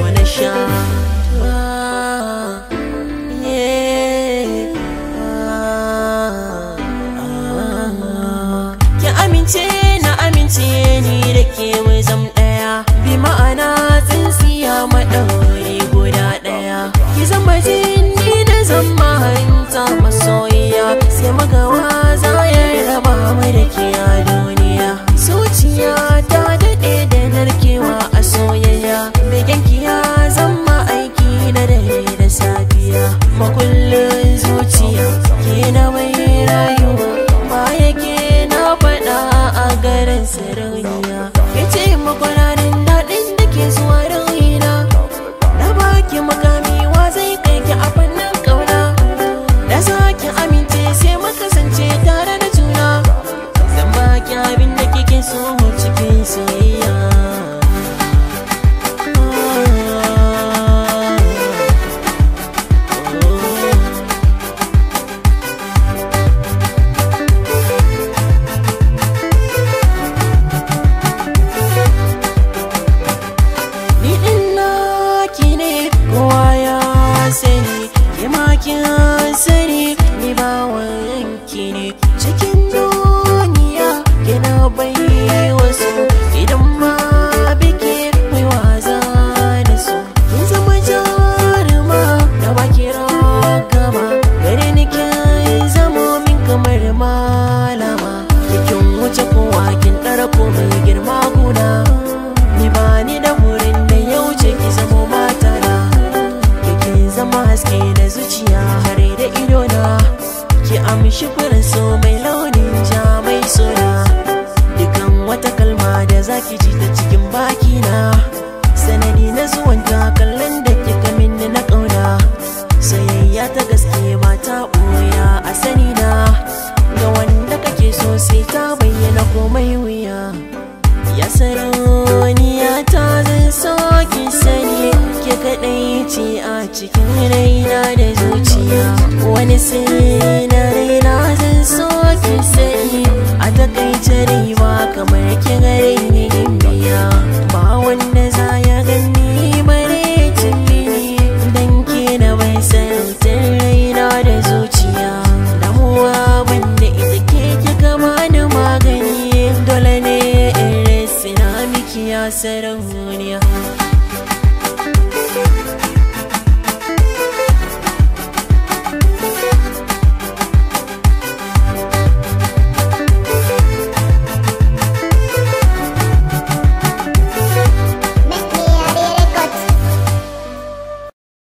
wanna shine. Ah, yeah. Ah, ah, ah. Ya amince na amince. sarau shifar so mai launin ja mai suna dukan wata kalma da zaki ji ta cikin baki na sanadi na zuwan kallon da kika minni na kauna sayayya ta gaske ba ta ɓoya a sani na ga wanda kake so sai ta bayyana komai wuya ya sarauniya ta zan ki sani ke kaɗai ce a cikin raina da zuciya wani sirri said I'm